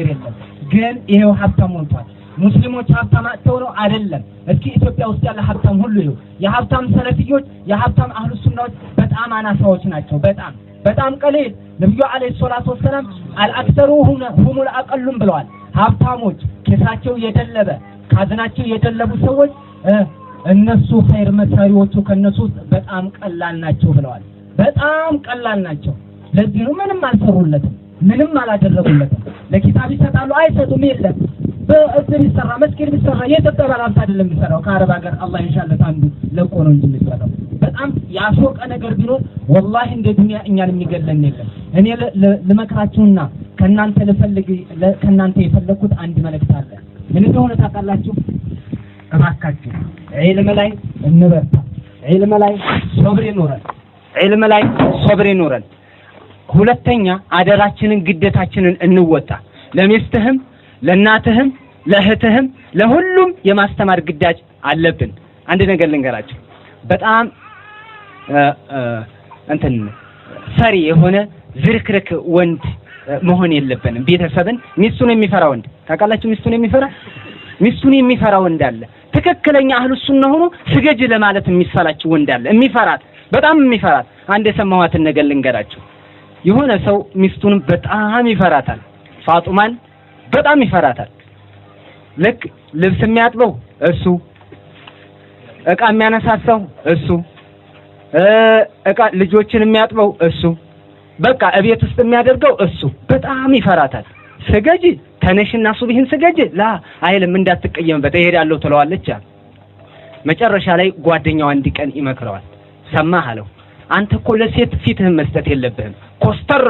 የለም ግን ይሄው ሀብታም ሞልቷል። ሙስሊሞች ሀብታም አጥተው ነው አይደለም። እስኪ ኢትዮጵያ ውስጥ ያለ ሀብታም ሁሉ ይኸው የሀብታም ሰለፊዎች የሀብታም አህሉ ሱናዎች በጣም አናሳዎች ናቸው። በጣም በጣም ቀሊል ነብዩ አለይሂ ሰላቱ ወሰለም አልአክሰሩ ሁሙል አቀሉም ብለዋል። ሀብታሞች ኪሳቸው የደለበ ካዝናቸው የደለቡ ሰዎች እነሱ ኸይር መሳሪዎቹ ከነሱ ውስጥ በጣም ቀላል ናቸው ብለዋል። በጣም ቀላል ናቸው። ለዚህ ነው ምንም አልሰሩለትም፣ ምንም አላደረጉለትም። ለኪታብ ይሰጣሉ አይሰጡም? የለም። በእስር ይሰራ መስጊድ ይሰራ የተጠበል ሀብት አይደለም የሚሰራው ከአረብ ሀገር አላህ የሻለት አንዱ ለቆ ነው እንጂ የሚሰራው በጣም ያሾቀ ነገር ቢኖር ወላሂ እንደ ዱንያ እኛን የሚገለን የለም። እኔ ልመክራችሁና ከእናንተ ልፈልግ ከእናንተ የፈለግኩት አንድ መልእክት አለ። ምን እንደሆነ ታውቃላችሁ? እባካችሁ ዒልም ላይ እንበርታ። ዒልም ላይ ሶብር ይኑረን። ዒልም ላይ ሶብር ይኑረን። ሁለተኛ አደራችንን ግዴታችንን እንወጣ። ለሚስትህም፣ ለእናትህም፣ ለእህትህም ለሁሉም የማስተማር ግዳጅ አለብን። አንድ ነገር ልንገራችሁ። በጣም እንትን ሰሪ የሆነ ዝርክርክ ወንድ መሆን የለብንም። ቤተሰብን ሚስቱን የሚፈራ ወንድ ታውቃላችሁ፣ ሚስቱን የሚፈራ ሚስቱን የሚፈራ ወንድ አለ። ትክክለኛ አህሉ ሱና ሆኖ ስገጅ ለማለት የሚሰላችሁ ወንድ አለ፣ የሚፈራት በጣም የሚፈራት። አንድ የሰማኋትን ነገር ልንገራችሁ። የሆነ ሰው ሚስቱን በጣም ይፈራታል። ፋጡማን በጣም ይፈራታል። ልክ ልብስ የሚያጥበው እሱ፣ እቃ የሚያነሳሳው እሱ፣ እቃ ልጆችን የሚያጥበው እሱ፣ በቃ እቤት ውስጥ የሚያደርገው እሱ። በጣም ይፈራታል። ስገጅ ተነሽና ሱብሂን ስገጅ ላ አይልም። እንዳትቀየምበት እሄዳለሁ ትለዋለች። መጨረሻ ላይ ጓደኛው አንድ ቀን ይመክረዋል። ሰማህ አለው አንተ እኮ ለሴት ፊትህን መስጠት የለብህም። ኮስተር